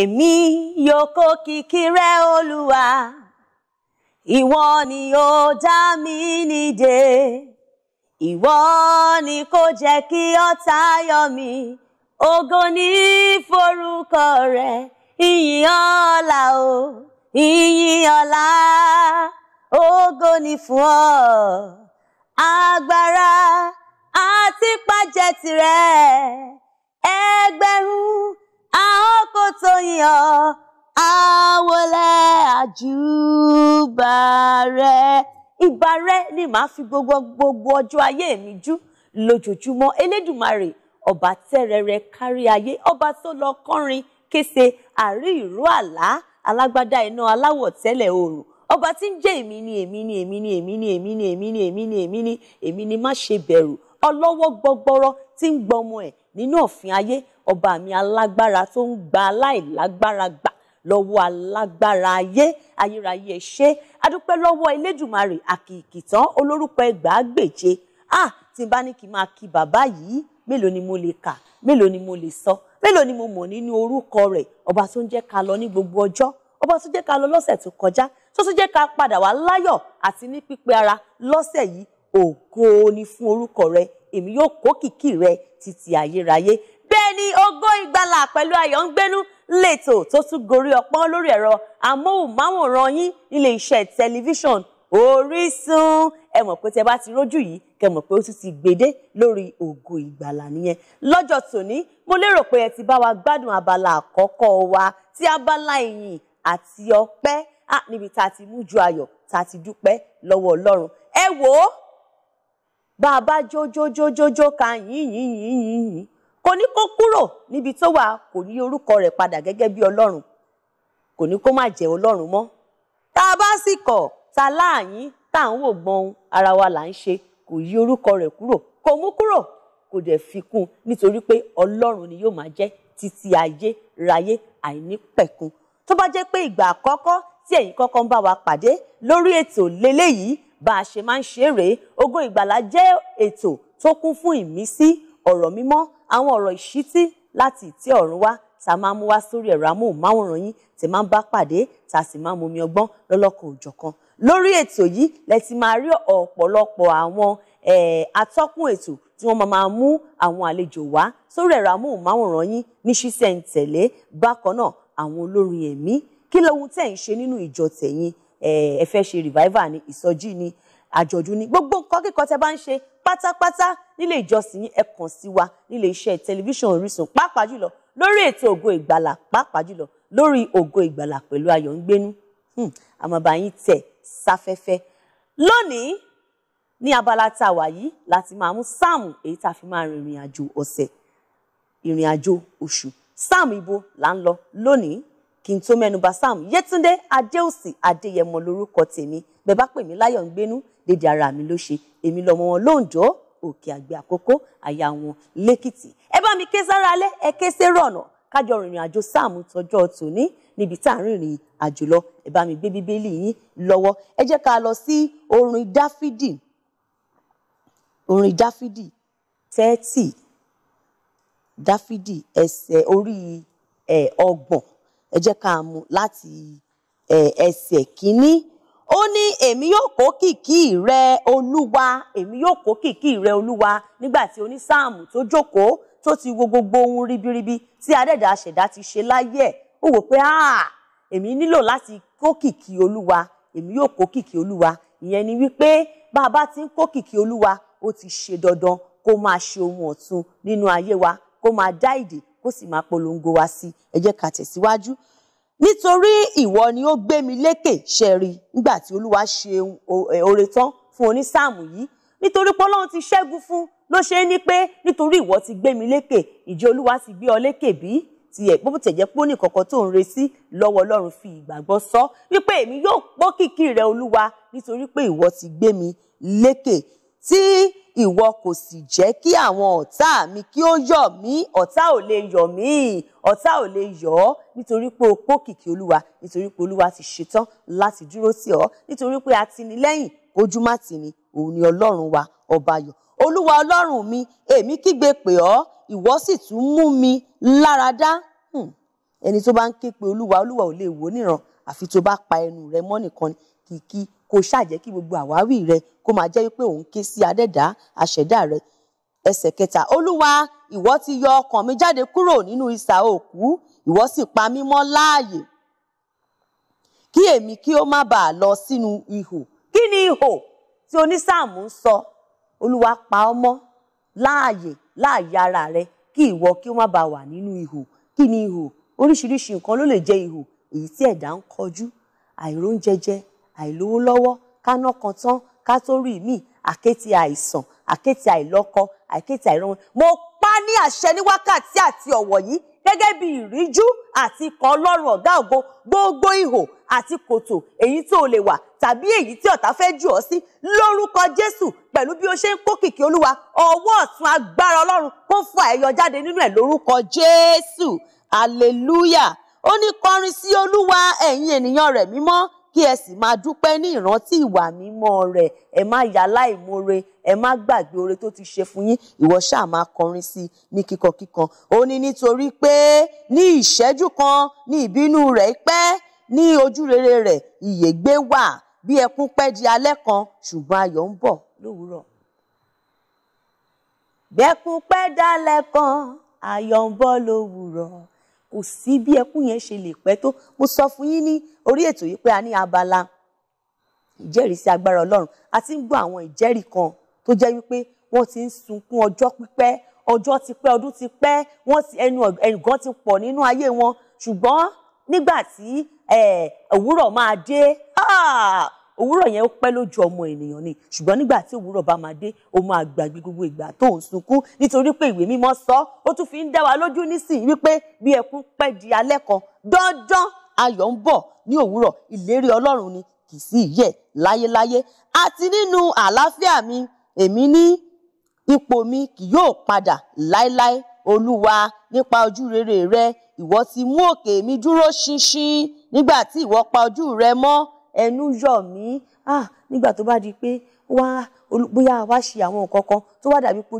èmi yóò kó kìkì rẹ olúwa ìwọ ni ó dá mi nídè ìwọ ni kò jẹ́ kí ọ̀tá yọ mí ògo ní forúkọ rẹ ìyìn ọlá o ìyìn ọlá ògo ni fún ọ agbára àti pàjẹ tirẹ ẹgbẹ̀rún àwọn kò tó yàn àwọlẹ̀ àjùbà rẹ ìbà rẹ ni màá fi gbogbo gbogbo ọjọ́ ayé mi jú lójoojúmọ́ Elédùmarè ọba tẹ́rẹrẹ kárí ayé ọba tó lọ kọrin kése àrí ìró àlá alágbádá iná aláwọ̀ tẹ́lẹ̀ oòrùn ọba tí ń jẹ́ èmi ni èmi ni èmi ni èmi ni èmi ni èmi ni èmi ni èmi ni èmi ni má ṣe bẹ̀rù ọlọ́wọ́ gbọgbọrọ tí ń gbọmọ ẹ̀ nínú òfin ayé ọba mi alágbára tó ń gba aláìlágbára gbà lọ́wọ́ alágbára ayé ayérayé ẹ ṣé adúpẹ́ lọ́wọ́ elédùnmarè àkìkìtàn olórúkọ ẹgbàágbèje ah tí n bá ní kí n máa kí bàbá yìí mélòó ni mo lè kà mélòó ni mo lè sọ mélòó ni mo mọ̀ nínú orúkọ rẹ̀ ọba tó ń jẹ́ ká lọ ní gbogbo ọjọ́ ọba tó jẹ́ ká lọ lọ́sẹ̀ tó kọjá tó tún jẹ́ ká padà wá láyọ̀ àti ní pípé ara lọ́sẹ̀ yìí ògo ni fún orúkọ rẹ̀ èmi yóò kó kìkì rẹ títí ayérayé bẹ́ẹ̀ ni Ògo Ìgbàlà pẹ̀lú Ayọ̀ ń gbénú lẹ́tọ̀ tó tún gorí ọpọ́n lórí ẹ̀rọ amóhùnmáwòrán yín nílé iṣẹ́ tẹlifíṣàn Orísun ẹ mọ̀ pé tẹ bá ti rójú yìí kẹ mọ̀ pé ó tún ti gbèdé lórí Ògo Ìgbàlà nìyẹn lọ́jọ́ tòní mo lérò pé ẹ ti bá wa gbádùn abala àkọ́kọ́ wa ti abala ìyìn àti ọpẹ́ ah, níbi tá a ti mú ju ayọ̀ tá a ti dúpẹ́ lọ́wọ́ Ọlọ́run ẹ wò ó bá a bá jójójójójó kan yín yín yín yín yín kò ní kó kúrò níbi tó wà kò ní orúkọ rẹ̀ padà gẹ́gẹ́ bí ọlọ́run kò ní kó má jẹ́ ọlọ́run mọ́ tá a bá sì kọ̀ ta láàyín tá à ń wò gbọ́n ara wa là ń ṣe kò yí orúkọ rẹ̀ kúrò kò mú kúrò kò dẹ̀ fi kún nítorí pé ọlọ́run ni yóò máa jẹ́ títí ayé ráyé àìnípẹ̀kun tó bá jẹ́ pé ìgbà àkọ́kọ́ tí ẹ̀yin kọ́kọ́ ń bá wa pàdé lórí ètò lélẹ́yìí bá a ṣe máa ń ṣe rèé Ògo Ìgbàlà jẹ́ ètò tó kún fún ìmísí ọ̀rọ̀ mímọ́ àwọn ọ̀rọ̀ ìṣítí láti ìtẹ́ ọ̀run wá tá a máa mú wá sórí ẹ̀rọ amóhùnmáwòrán yín tẹ́ máa ń bá pàdé tá a sì máa mú omi ọgbọ́n lọ́lọ́kan òjọ̀kan lórí ètò yìí lẹ ti máa rí ọ̀pọ̀lọpọ̀ àwọn atọ́kùn ètò tí wọ́n máa mú àwọn àlejò wá sórí ẹ̀rọ amóhùnmáwòrán yín ní ṣísẹ̀ntẹ̀lé bákan náà àwọn olórin ẹ̀mí kí lóhun tẹ̀ ń ṣe nínú ìjọ tẹ̀yìn ẹ fẹ́ ṣe revival ni ìsọjí ni àjọ̀dún ni gbogbo nǹkan kíkọ́ tẹ bá ń ṣe pátápátá nílé ìjọsìn yín ẹ kàn sí wa nílé iṣẹ́ tẹlifíṣàn Orísun pàápàá jùlọ lórí ètò Ògo Ìgbàlà pàápàá jùlọ lórí Ògo Ìgbàlà pẹ̀lú Ayọ̀ǹgbénú àmọ̀bà hmm, yín tẹ̀ sáfẹ́fẹ́ lónìí ní abala tá a wà yìí láti máa mú sáàmù èyí tá a fi máa rin ìrìn àjò ọ̀sẹ̀ ìrìn àjò oṣù sáàmù ibo là ń lọ lónìí kí n tó mẹ́nuba sam yétúndé adéòsì adéyẹmọ lórúkọ tèmi bẹ́ẹ̀ bá pè mí láyọ̀ ń gbénú dédé ara mi ló ṣe èmi lọ́mọ wọn lóǹdó òkè àgbẹ̀ àkókò àyà wọn lẹ́kìtì ẹ bá mi ké sára alẹ́ ẹ ké sérò ọ̀nà kájọ rìnrìn àjò sáàmù tọjọ́ tòní níbi tá à ń rìnrìn àjò lọ ẹ bá mi gbé bíbélì yín lọ́wọ́ ẹ jẹ́ ká lọ sí orin dáfídì orin dáfídì thirty dáfídì ẹsẹ̀ orí ẹ̀ ọgbọ̀n ẹ jẹ́ ká mú láti ẹsẹ̀ kínní ó ní èmi yóò kó kìkì rẹ olúwa èmi yóò kó kìkì rẹ olúwa nígbà tí onísáàmù tó jókòó tó ti wo gbogbo ohun ribiribi tí adẹ́dà ṣẹ̀dá ti ṣe láyé ẹ̀ ó wò pé èmi nílò láti kó kìkì olúwa èmi yóò kó kìkì olúwa ìyẹn ni wípé bá a bá ti ń kó kìkì olúwa ó ti ṣe dandan kó máa ṣe ohun ọ̀tun nínú ayé wa kó máa dá ìdè kó sì máa polongo wa sí ẹ jẹ́ ká tẹ̀síwájú nítorí ìwọ ni ó gbé mi lékè ṣẹ̀rí nígbà tí olúwa ṣe oore tán fún onísáàmù yìí nítorí pé ọlọ́run ti ṣẹ́gun fún ló ṣe é ní pé nítorí ìwọ ti gbé mi lékè ìjẹ́ olúwa ti gbé ọ lékè bí tiẹ̀ bó tẹ̀ jẹ́ pé ó ní kankan tó ń re lọ́wọ́ ọlọ́run fi ìgbàgbọ́ sọ wípé èmi yóò pọ́ kìkì rẹ olúwa nítorí pé ìwọ ti gbé mi lékè tí ìwọ kò sì jẹ́ kí àwọn ọ̀tá mi kí ó yọ̀ mí ọ̀tá ò lè yọ̀ mí ọ̀tá ò lè yọ̀ ọ́ nítorí pé o pókìkí olúwa nítorí pé olúwa ti ṣetán láti dúró tì ọ́ nítorí pé atinilẹ́yìn ojú má tì ní òun ni ọlọ́run wa ọba ayọ̀ olúwa ọlọ́run mi èmi kígbe pè ọ́ ìwọ sì tún mú mi lára dá hmm. ẹni tó bá ń ké pe olúwa olúwa ò lè wò níran àfi tó bá pa ẹnu rẹ mọ́ nìkan ni kìkì kò ṣàjẹ́ kí gbogbo àwáwí rẹ kó máa jẹ́ wípé òun ké sí adẹ́dá àṣẹ̀dá rẹ ẹsẹ̀ kẹta olúwa ìwọ ti yọ ọkàn mi jáde kúrò nínú isà òkú ìwọ sì pa mí mọ́ láàyè kí èmi kí ó má bàa lọ sínú ihò kí ni ihò tí onísáàmù ń sọ olúwa pa ọ́ mọ́ láàyè láàyè ara rẹ kí ìwọ kí ó má bàa wà nínú ihò kí ni ihò oríṣiríṣi nǹkan ló lè jẹ́ ihò èyí tí ẹ̀dá ń kọjú àìróúnjẹjẹ àìlówó lọ́wọ́ káná kan tán ká tó rí mi àkéte àìsàn àkéte àìlọ́kọ àkéte àìrọ́mọ mo pa ní àṣẹ ní wákàtí àti ọ̀wọ̀ yìí gẹ́gẹ́ bí ìríjú àti ikọ̀ ọlọ́run ọ̀gá ògo gbogbo ihò àti kòtò èyí tó lè wà tàbí èyí tí ọ̀tá fẹ́ jù ọ́ sí lórúkọ Jésù pẹ̀lú bí ó ṣe ń kó kìkì olúwa ọwọ́ ọ̀tún agbára ọlọ́run kó fún àyọ jáde nínú ẹ̀ lórúkọ Jésù hallelujah ó ní kọrin sí olúwa ẹ̀yin ènìyàn rẹ̀ mímọ́ kí ẹ sì máa dúpẹ́ ní ìrántí ìwà mímọ́ rẹ̀ ẹ má ya láìmoore ẹ má gbàgbé oore tó ti ṣe fún yín ìwọ ṣáà máa kọrin sí i ní kíkankíkan ó ní nítorí pé ní ìṣẹ́jú kan ní ìbínú rẹ̀ pẹ́ ní ojú rere rẹ̀ ìyè gbé wà bí ẹkún pẹ́ di alẹ́ kan ṣùgbọ́n ayọ̀ ń bọ̀ lówùúrọ̀. bẹ́kún pẹ́ dalẹ́ kan ayọ̀ ń bọ̀ lówùúrọ̀ kò sí bí ẹkún yẹn ṣe lè pẹ́ tó mo sọ fún yín ní orí ètò yìí pé a ní abala ìjẹ́rìí sí agbára Ọlọ́run a ti ń gbọ́ àwọn ìjẹ́rìí kan tó jẹ́ wípé wọ́n ti ń sunkún ọjọ́ pípẹ́ ọjọ́ ti pẹ́ ọdún ti pẹ́ wọ́n ti ẹnu ẹ̀gàn ti pọ̀ nínú ayé wọn ṣùgbọ́n nígbà tí òwúrọ̀ máa dé ah! òwúrọ̀ yẹn ó pẹ́ lójú ọmọ ènìyàn ni ṣùgbọ́n nígbà tí òwúrọ̀ bá máa dé ó máa gbàgbé gbogbo ìgbà tó ń sunkún nítorí pé ìwé mímọ́ sọ ó tún fi ń dá wa lójú nísìnyí wípé bí ẹkún pẹ́ di alẹ́ kan dandan ayọ̀ ń bọ̀ ní òwúrọ̀ ìlérí Ọlọ́run ni kì í sí ìyẹ̀ láyéláyé àti nínú àlàáfíà mi èmi ní ipò mi kì yóò padà láéláé olúwa nípa ojú rere rẹ ìwọ ti mú òkè mi dúró ṣinṣin nígbà tí ìwọ pa ojú rẹ mọ́ ẹnu yọ̀ mí ah nígbà tó bá di pé wá bóyá wá ṣe àwọn nǹkan kan tó wá dàbí pé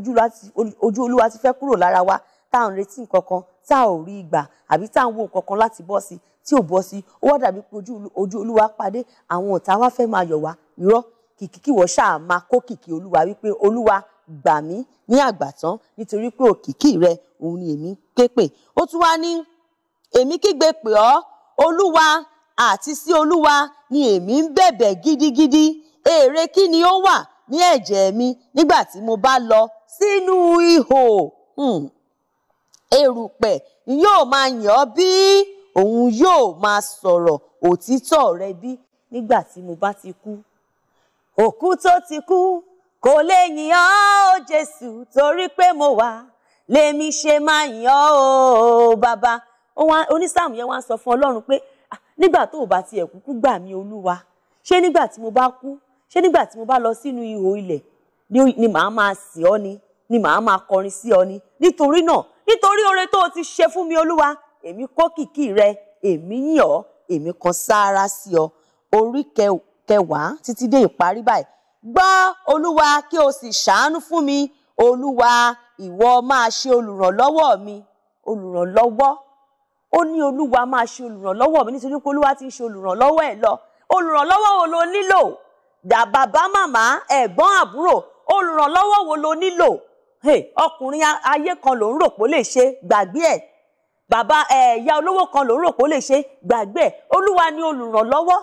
ojú olúwa ti fẹ́ kúrò lára wa tá à ń retí nǹkan kan tá ò rí ìgbà àbí tá à ń wo nǹkan kan láti bọ́ sí tí ò bọ́ sí ó wá dàbí pé ojú olúwa pàdé àwọn ọ̀tá wa fẹ́ máa yọ̀ wá irọ́ kìkì kí wọ́n ṣáà máa kó kìkì olúwa wípé olúwa gbà mí ní àgbàtán nítorí pé òkìkí rẹ òun ni èmi ké pè ó tún wá ní èmi kígbe pè ọ́ olúwa àti sí olúwa ni èmi ń bẹ̀bẹ̀ gidigidi èrè kí ni ó wà ní ẹ̀jẹ̀ mi nígbà tí mo bá lọ sínú ihò hmm. erùpẹ̀ ni yóò máa yàn ọ́ bí òun yóò máa sọ̀rọ̀ òtítọ́ rẹ bí nígbà tí mo bá ti kú òkú tó ti kú kò lè yìn ọ́ ó Jésù torí pé mo wà lèmi ṣe máa yìn ọ́ ó bàbá onísáàmù yẹn wá sọ fún Ọlọ́run pé nígbà tó o bá tiẹ̀ kúkú gbà mí olúwa ṣé nígbà tí mo bá kú ṣé nígbà tí mo bá lọ sínú ihò ilẹ̀ ni màá máa sì ọ́ ni ni màá máa kọrin sí ọ ni nítorí náà nítorí oore tó o ti ṣe fún mi olúwa èmi kó kìkì rẹ èmi yìn ọ́ èmi kan sáárá sí ọ orí kẹwàá títí dé ìparí báyìí gbọ́ olúwa kí o sì ṣàánú fún mi olúwa ìwọ máa ṣe olùrànlọ́wọ́ mi olùrànlọ́wọ́ ó ní olúwa máa ṣe olùrànlọ́wọ́ mi nítorí pé olúwa ti ń ṣe olùrànlọ́wọ́ ẹ̀ lọ olùrànlọ́wọ́ wo lo nílò bàbá màmá ẹ̀gbọ́n àbúrò olùrànlọ́wọ́ wo lo nílò ọkùnrin ayé kan ló ń rò pé ó lè ṣe gbàgbé ẹ̀ bàbá ẹ̀yà olówó kan ló ń rò pé ó lè ṣe gbàgbé ẹ̀ olúwa ni olùrànlọ́wọ́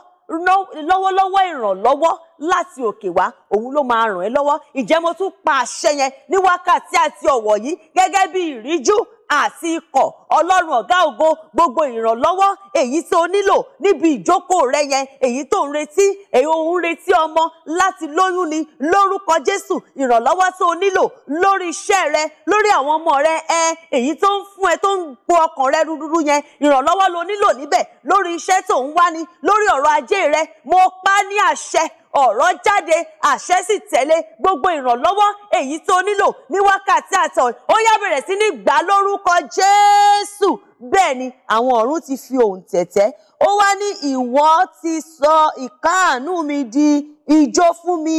lọ́wọ́lọ́wọ́ ìrànlọ́wọ́ láti òkè wá òun ló máa ràn ẹ́ lọ́wọ́ ìjẹ́ mo tún pa àṣẹ yẹn ní wákàtí àti ọ̀wọ̀ yìí gẹ́gẹ́ bí ìríjú àti ikọ̀ ọlọ́run ọ̀gá ògo gbogbo ìrànlọ́wọ́ èyí tó nílò níbi ìjókòó rẹ yẹn èyí tó ń retí èyí òun retí ọmọ láti lóyún ni lórúkọ jésù ìrànlọ́wọ́ tó nílò lórí iṣẹ́ rẹ lórí àwọn ọmọ rẹ ẹ èyí tó ń fún ẹ tó ń po ọkàn rẹ rúdúrú yẹn ìrànlọ́wọ́ lo nílò níbẹ̀ lórí iṣẹ́ tó ń wá ní lórí ọ̀rọ̀ ajé rẹ mo pa ní àṣẹ ọ̀rọ̀ jáde àṣẹ sì tẹ̀lé gbogbo ìrànlọ́wọ́ èyí tó nílò ní wákàtí àtọ̀ ó yá bẹ̀rẹ̀ sí ní gbà lórúkọ Jésù bẹ́ẹ̀ ni àwọn ọ̀run ti fi òun tẹ̀tẹ́ ó wá ní ìwọ ti sọ ìkáàánú mi di ijó fún mi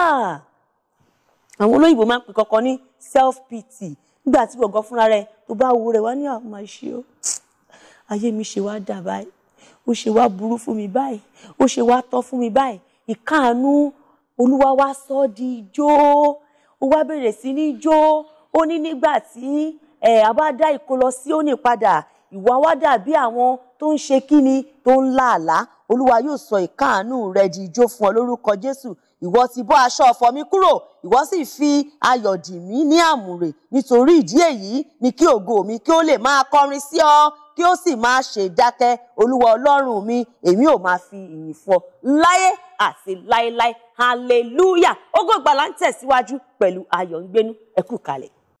àwọn olóyìnbó máa ń pè kọ́kọ́ ní self pity nígbà tí gbọ̀ngàn fúnra rẹ tó bá wúrẹ̀ wá ní àwọn ah, máa ṣe ó ayé mi ṣe wá dà báyìí ó ṣe wá burú fún mi báyìí ó ṣe wá tọ́ fún mi báyìí ìkáàánú olúwa wá sọ ọ́ di ijó ó wá bẹ̀rẹ̀ sí ní jó ó ní nígbà tí ẹ̀ a bá dá ìkó lọ sí òní padà ìwà wá dàbí àwọn tó ń ṣe kíni tó ń lá olúwa yóò sọ ìkáàánú rẹ di ijó fún ọ lórúkọ jésù ìwọ ti bọ́ aṣọ ọ̀fọ̀ mi kúrò ìwọ sì fi ayọ̀ dì ní àmùrè nítorí ìdí èyí ni kí ògo mi kí ó lè máa kọrin sí ọ kí ó sì máa ṣe dákẹ́ olúwa ọlọ́run mi èmi ò máa fi ìyìn fún ọ láyé àti láéláé hallelujah ògo ìgbàlà ń tẹ̀síwájú pẹ̀lú ayọ̀ ń gbénú ẹ kalẹ̀.